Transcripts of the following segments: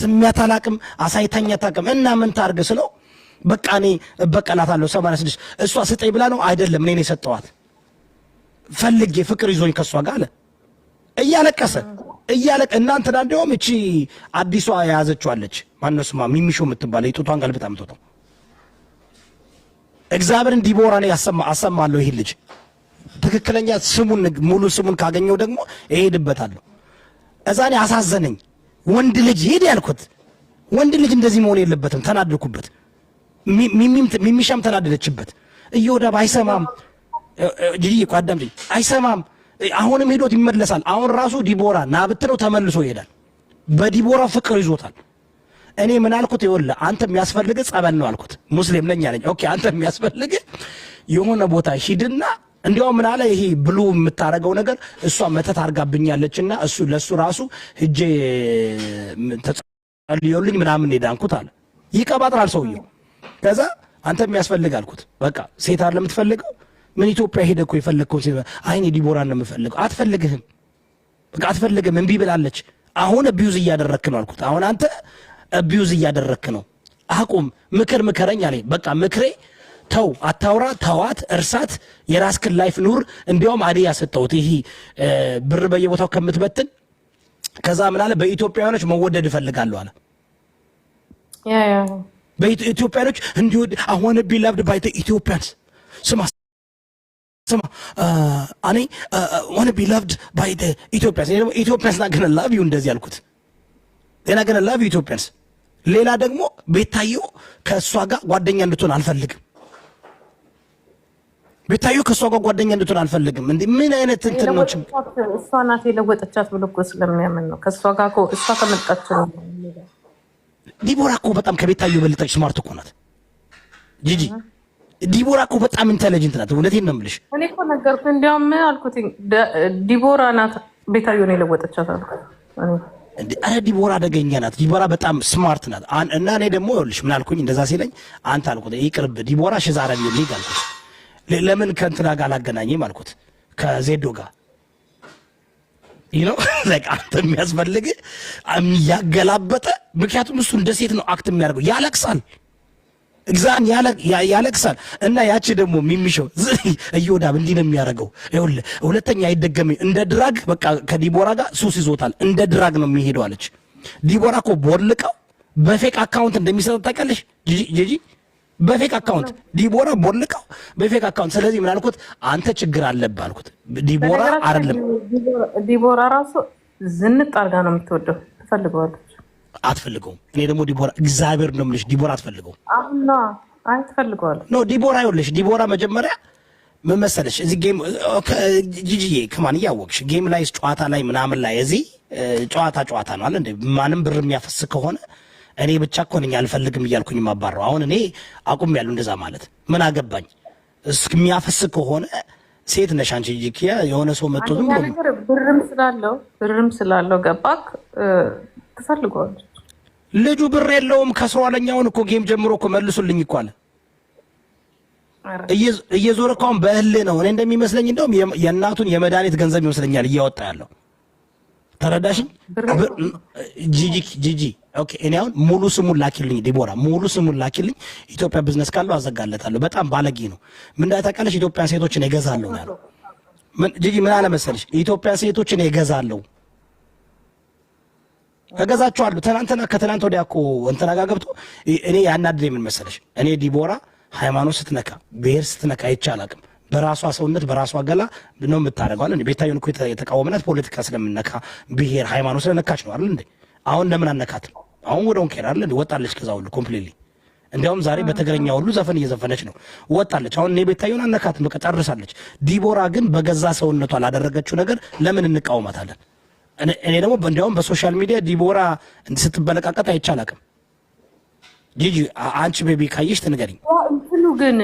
ስሚያት አላቅም አሳይታኝ አታቅም እና ምን ታርግ ስለው በቃ እኔ እበቀላታለሁ ሰማንያ ስድስት እሷ ስጠኝ ብላ ነው አይደለም እኔ የሰጠዋት ፈልጌ ፍቅር ይዞኝ ከእሷ ጋር አለ እያለቀሰ እያለቀ እናንተና እንዲሁም እቺ አዲሷ የያዘችዋለች ማነው ስማ ሚሚሾ የምትባለ የጡቷን ገልብጣ ምትወጣው እግዚአብሔርን ዲቦራ ነው አሰማለሁ። ይሄ ልጅ ትክክለኛ ስሙን ሙሉ ስሙን ካገኘው ደግሞ እሄድበታለሁ። እዛ አሳዘነኝ። ወንድ ልጅ ሄድ ያልኩት ወንድ ልጅ እንደዚህ መሆን የለበትም። ተናድኩበት ሚሚሻም ተናደደችበት። እዮዳብ አይሰማም። ጅጅ እኮ አዳም አይሰማም። አሁንም ሄዶት ይመለሳል። አሁን ራሱ ዲቦራ ና ተመልሶ ይሄዳል። በዲቦራ ፍቅር ይዞታል። እኔ ምን አልኩት? ይኸውልህ አንተ የሚያስፈልግህ ጸበል ነው አልኩት። ሙስሊም ነኝ አለኝ። ኦኬ አንተ የሚያስፈልግህ የሆነ ቦታ ሂድና እንዲያውም ምን አለ ይሄ ብሉ የምታረገው ነገር እሷ መተት አርጋብኛለች እና እሱ ለእሱ ራሱ ሂጄ ተጸልዮልኝ ምናምን ሄዳንኩት አለ። ይቀባጥራል ሰውየው። ከዛ አንተ የሚያስፈልግ አልኩት። በቃ ሴት አለ የምትፈልገው ምን ኢትዮጵያ ሄደ እኮ የፈለግከው ሴ አይኔ ዲቦራን ነው የምፈልገው። አትፈልግህም፣ በቃ አትፈልግም፣ እምቢ ብላለች። አሁን ቢዩዝ እያደረክ ነው አልኩት። አሁን አንተ ቢዩዝ እያደረክ ነው፣ አቁም። ምክር ምከረኝ አለኝ። በቃ ምክሬ ተው አታውራ፣ ተዋት፣ እርሳት፣ የራስክን ላይፍ ኑር። እንዲያውም አደ ያሰጠውት ይሄ ብር በየቦታው ከምትበትን። ከዛ ምን አለ በኢትዮጵያውያኖች መወደድ እፈልጋለሁ አለ። በኢትዮጵያኖች እንዲወድ አሁን ቢ ላብድ ባይ ኢትዮጵያንስ ስማ ስማ እኔ ዋን ቢ ላቭድ ባይ ኢትዮጵያንስ ደግሞ ኢትዮጵያንስ ናገነ ላቭ ዩ እንደዚህ ያልኩት ናገነ ላቭ ኢትዮጵያንስ። ሌላ ደግሞ ቤታየው ከእሷ ጋር ጓደኛ እንድትሆን አልፈልግም ቤታዩ ከእሷ ጋር ጓደኛ እንድትሆን አልፈልግም። እንዲ ምን አይነት እንትን ነው? እሷ ናት የለወጠቻት ብሎ እኮ ስለሚያምን ነው። ከእሷ ጋር እኮ እሷ ከመጣች ነው። ዲቦራ እኮ በጣም ከቤታዩ በልጠች ስማርት እኮ ናት። ጂጂ ዲቦራ እኮ በጣም ኢንተለጀንት ናት። እውነቴን ነው የምልሽ። እኔ እኮ ነገርኩህ፣ እንዲያውም አልኩት ዲቦራ ናት ቤታዩ ነው የለወጠቻት አልኩት። አረ ዲቦራ አደገኛ ናት። ዲቦራ በጣም ስማርት ናት እና እኔ ደግሞ ይኸውልሽ ምን አልኩኝ እንደዛ ሲለኝ አንተ አልኩት ይቅርብ ዲቦራ ሽዛረ ሊግ አልኩት ለምን ከእንትና ጋር አላገናኝም አልኩት ከዜዶ ጋር ነው አንተ የሚያስፈልግ ያገላበጠ። ምክንያቱም እሱ እንደ ሴት ነው አክት የሚያደርገው ያለቅሳል፣ እግዛን ያለቅሳል። እና ያቺ ደግሞ የሚሚሸው እዮዳብ እንዲህ ነው የሚያደርገው። ይኸውልህ ሁለተኛ አይደገም፣ እንደ ድራግ በቃ ከዲቦራ ጋር ሱስ ይዞታል፣ እንደ ድራግ ነው የሚሄደው አለች። ዲቦራ እኮ ቦልቀው በፌቅ አካውንት እንደሚሰጠው ታውቂያለሽ ጂጂ በፌክ አካውንት ዲቦራ ቦልቀው በፌክ አካውንት። ስለዚህ ምን አልኩት? አንተ ችግር አለብህ አልኩት። ዲቦራ አይደለም ዲቦራ ራሱ ዝንጥ አርጋ ነው የምትወደው፣ ትፈልገዋለች፣ አትፈልገውም። እኔ ደግሞ ዲቦራ እግዚአብሔር ነው የምልሽ፣ ዲቦራ አትፈልገውም። አሁና አይ ትፈልገዋለች። ኖ ዲቦራ ይኸውልሽ፣ ዲቦራ መጀመሪያ ምን መሰለሽ፣ እዚህ ጌም ጂጂዬ ከማን እያወቅሽ ጌም ላይ ጨዋታ ላይ ምናምን ላይ እዚህ ጨዋታ ጨዋታ ነው አለ እንደ ማንም ብር የሚያፈስ ከሆነ እኔ ብቻ እኮ ነኝ አልፈልግም እያልኩኝ ማባረው። አሁን እኔ አቁም ያሉ እንደዛ ማለት ምን አገባኝ እስከሚያፈስ ከሆነ ሴት ነሽ አንቺ ጂኪያ የሆነ ሰው መጥቶ ዝም ብሎ ብርም ስላለው ብርም ስላለው ገባክ ትፈልገዋል። ልጁ ብር የለውም ከስሮ አለኛውን እኮ ጌም ጀምሮ እኮ መልሱልኝ እኮ አለ እየዞረ እኮ አሁን በእልህ ነው። እኔ እንደሚመስለኝ እንደውም የእናቱን የመድኃኒት ገንዘብ ይመስለኛል እያወጣ ያለው ተረዳሽኝ ጂጂ ጂጂ ኦኬ እኔ አሁን ሙሉ ስሙን ላኪልኝ፣ ዲቦራ ሙሉ ስሙን ላኪልኝ። ኢትዮጵያ ቢዝነስ ካለው አዘጋለታለሁ። በጣም ባለጌ ነው። ምን እንዳታውቃለሽ ኢትዮጵያ ሴቶችን እገዛለሁ ነው ያለው። ምን ጂጂ ምን አለ መሰለሽ ኢትዮጵያ ሴቶችን እገዛለሁ እገዛቸዋለሁ። ትናንትና ከትናንት ወዲያ እኮ እንትና ጋር ገብቶ እኔ ያናደደኝ ምን መሰለሽ እኔ ዲቦራ ሃይማኖት ስትነካ ብሔር ስትነካ ይቻል በራሷ ሰውነት በራሷ ገላ ነው የምታደርገው አለ ቤታየን እኮ የተቃወመናት ፖለቲካ ስለምነካ ብሔር ሃይማኖት ስለነካች ነው አይደል እንዴ? አሁን ለምን አነካት ነው አሁን ወደ ወንኬር አለ ወጣለች። ከዛ ሁሉ ኮምፕሊትሊ እንዲያውም ዛሬ በትግረኛ ሁሉ ዘፈን እየዘፈነች ነው፣ ወጣለች። አሁን እኔ ቤታየን አነካት፣ በቃ ጨርሳለች። ዲቦራ ግን በገዛ ሰውነቷ ላደረገችው ነገር ለምን እንቃወማታለን? እኔ ደግሞ እንዲያውም በሶሻል ሚዲያ ዲቦራ ስትበለቃቀጥ አይቼ ጂጂ አንቺ ቤቢ ካየሽ ትንገሪኝ። እንትኑ ግን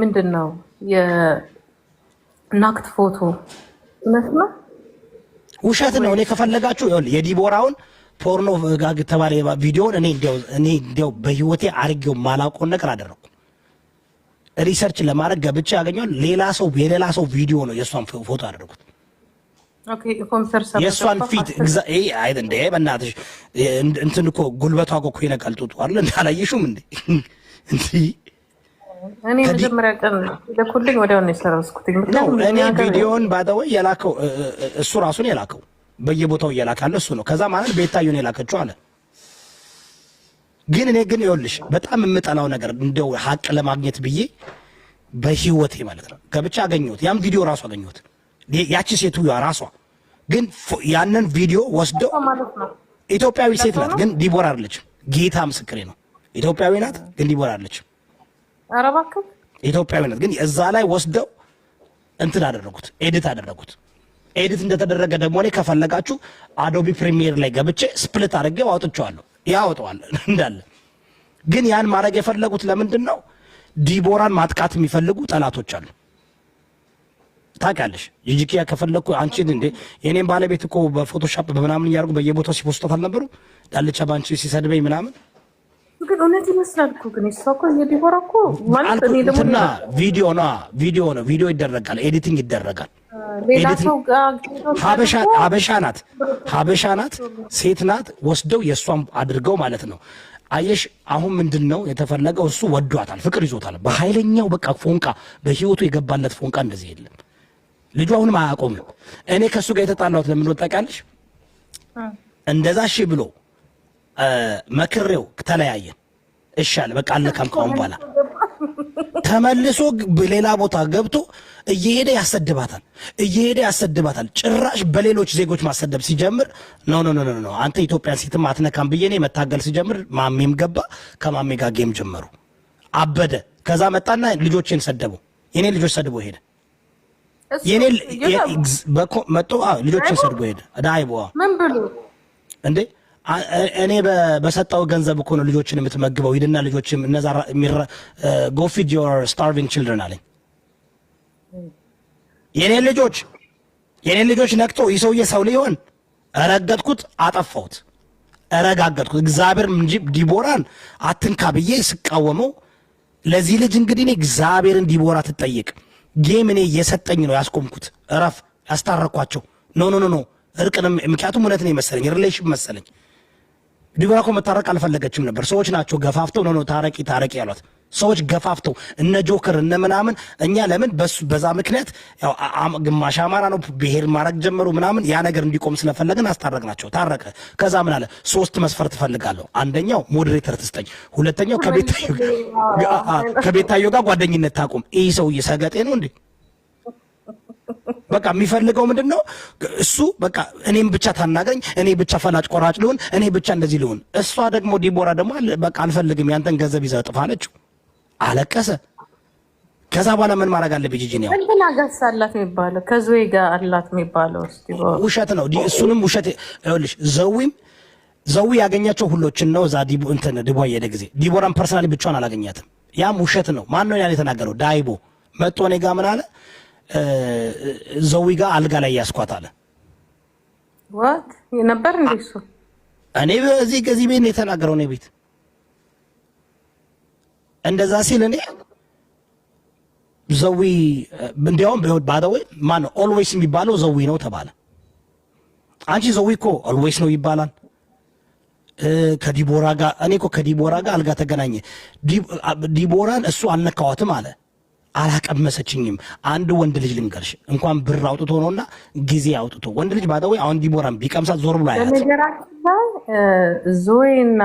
ምንድን ነው የናክት ፎቶ መስማ ውሸት ነው። እኔ ከፈለጋችሁ የዲቦራውን ፖርኖ ጋግ ተባለ ቪዲዮውን እኔ እንዲያው በህይወቴ አድርጌው ማላውቀውን ነገር አደረኩ። ሪሰርች ለማድረግ ገብቼ ያገኘው ሌላ ሰው የሌላ ሰው ቪዲዮ ነው። የእሷን ፎቶ አደረጉት። የእሷን ፊት እንደ በእናትሽ እንትን እኮ ጉልበቷ እኮ እኮ ይነቃል። ጡጡ አለ እንዳላየሽም እንዴ? እንዲህ እኔ መጀመሪያ ቀን ልኩልኝ ወዲያውኑ የሰረስኩት እኔ ቪዲዮን ባደወይ የላከው እሱ ራሱን የላከው በየቦታው እየላካለ እሱ ነው። ከዛ ማለት ቤታዩን የላከችው አለ። ግን እኔ ግን ይኸውልሽ በጣም የምጠላው ነገር እንደው ሀቅ ለማግኘት ብዬ በህይወቴ ማለት ነው ከብቻ አገኘሁት። ያም ቪዲዮ ራሱ አገኘሁት። ያቺ ሴቱ ራሷ ግን ያንን ቪዲዮ ወስደው ኢትዮጵያዊ ሴት ናት፣ ግን ዲቦራ አይደለችም። ጌታ ምስክሬ ነው። ኢትዮጵያዊ ናት፣ ግን ዲቦራ አይደለችም። ኧረ እባክህ ኢትዮጵያዊ ናት፣ ግን እዛ ላይ ወስደው እንትን አደረጉት፣ ኤዲት አደረጉት። ኤዲት እንደተደረገ ደግሞ እኔ ከፈለጋችሁ አዶቢ ፕሪሚየር ላይ ገብቼ ስፕልት አድርጌው አውጥቼዋለሁ። ያወጣዋል እንዳለ። ግን ያን ማድረግ የፈለጉት ለምንድን ነው? ዲቦራን ማጥቃት የሚፈልጉ ጠላቶች አሉ። ታውቂያለሽ፣ ጂጂኪያ ከፈለግኩ አንቺን እንዴ የኔን ባለቤት እኮ በፎቶሻፕ በምናምን እያደርጉ በየቦታው ሲፖስታት አልነበሩ ዳልቻ በአንቺ ሲሰድበኝ ምናምን ግን እውነት ይመስላል እኮ ግን እሷ እኮ የዲቦራ እኮ ማለት እኔ ደግሞ እና ቪዲዮ ቪዲዮ ነው ቪዲዮ ይደረጋል፣ ኤዲቲንግ ይደረጋል። ሀበሻ ናት ሀበሻ ናት ሴት ናት። ወስደው የእሷም አድርገው ማለት ነው። አየሽ አሁን ምንድን ነው የተፈለገው? እሱ ወዷታል፣ ፍቅር ይዞታል በኃይለኛው በቃ ፎንቃ፣ በህይወቱ የገባለት ፎንቃ እንደዚህ የለም። ልጁ አሁንም አያቆምም። እኔ ከእሱ ጋር የተጣላሁት ለምን እንደዛ ሺ ብሎ መክሬው ተለያየን። እሻል በቃ አልነካም ከአሁን በኋላ ተመልሶ ሌላ ቦታ ገብቶ እየሄደ ያሰድባታል፣ እየሄደ ያሰድባታል። ጭራሽ በሌሎች ዜጎች ማሰደብ ሲጀምር ኖ ኖ ኖ ኖ አንተ ኢትዮጵያን ሴትም አትነካም ብዬ እኔ መታገል ሲጀምር ማሜም ገባ። ከማሜ ጋር ጌም ጀመሩ። አበደ። ከዛ መጣና ልጆቼን ሰደቡ፣ የኔ ልጆች ሰድቦ ሄደ። የኔ መጥቶ ልጆችን ሰድቦ ሄደ። ዳይቦ ምን ብሉ እንዴ እኔ በሰጠው ገንዘብ እኮ ነው ልጆችን የምትመግበው፣ ሂድና ልጆችም እነዛ ጎ ዮር ስታርቪንግ ችልድረን አለኝ። የኔ ልጆች የኔ ልጆች ነቅቶ ይህ ሰውዬ ሰው ሊሆን ረገጥኩት፣ አጠፋሁት፣ እረጋገጥኩት። እግዚአብሔር እንጂ ዲቦራን አትንካ ብዬ ስቃወመው ለዚህ ልጅ እንግዲህ እኔ እግዚአብሔርን ዲቦራ ትጠይቅ ጌም እኔ እየሰጠኝ ነው ያስቆምኩት። እረፍ፣ ያስታረኳቸው። ኖ ኖ ኖ ኖ እርቅንም ምክንያቱም እውነት ነው የመሰለኝ ሪሌሽን መሰለኝ ዲቦራ እኮ መታረቅ አልፈለገችም ነበር። ሰዎች ናቸው ገፋፍተው ነው ታረቂ ታረቂ ያሏት። ሰዎች ገፋፍተው እነ ጆከር እነ ምናምን እኛ ለምን በሱ በዛ ምክንያት ግማሽ አማራ ነው ብሄር ማድረግ ጀመሩ ምናምን ያ ነገር እንዲቆም ስለፈለግን አስታረቅናቸው። ታረቀ። ከዛ ምን አለ? ሶስት መስፈርት ትፈልጋለሁ። አንደኛው ሞዴሬተር ትስጠኝ፣ ሁለተኛው ከቤታዮ ጋር ጓደኝነት ታቁም። ይህ ሰውዬ ሰገጤ ነው እንዴ? በቃ የሚፈልገው ምንድን ነው? እሱ በቃ እኔም ብቻ ታናገኝ፣ እኔ ብቻ ፈላጭ ቆራጭ ልሁን፣ እኔ ብቻ እንደዚህ ልሁን። እሷ ደግሞ ዲቦራ ደግሞ በቃ አልፈልግም፣ ያንተን ገንዘብ ይዘህ ጥፋ አለችው። አለቀሰ። ከዛ በኋላ ምን ማድረግ አለብኝ? ጂጂ ነው እንትና ጋስ አላት የሚባለው ከዙዌ ጋር አላት የሚባለው ውሸት ነው። እሱንም ውሸት ይኸውልሽ፣ ዘዊም ዘዊ ያገኛቸው ሁሎችን ነው። እዛ እንትን ዲቦ የሄደ ጊዜ ዲቦራን ፐርሰናሊ ብቻዋን አላገኛትም። ያም ውሸት ነው። ማን ነው ያን የተናገረው? ዳይቦ መጥቶ እኔ ጋር ምን አለ ዘዊ ጋር አልጋ ላይ ያስኳት አለ። ነበር እንዴ እሱ? እኔ በዚህ ከዚህ ቤት ነው የተናገረው። እኔ ቤት እንደዛ ሲል እኔ ዘዊ እንዲያውም ባደወይ ማነው ኦልዌይስ የሚባለው ዘዊ ነው ተባለ። አንቺ ዘዊ እኮ ኦልዌይስ ነው ይባላል ከዲቦራ ጋር። እኔ እኮ ከዲቦራ ጋር አልጋ ተገናኘ። ዲቦራን እሱ አልነካዋትም አለ አላቀመሰችኝም። አንድ ወንድ ልጅ ልንገርሽ፣ እንኳን ብር አውጥቶ ነውና ጊዜ አውጥቶ ወንድ ልጅ ባጠወይ አሁን ዲቦራም ቢቀምሳት ዞር ብሎ አያት። ዞይና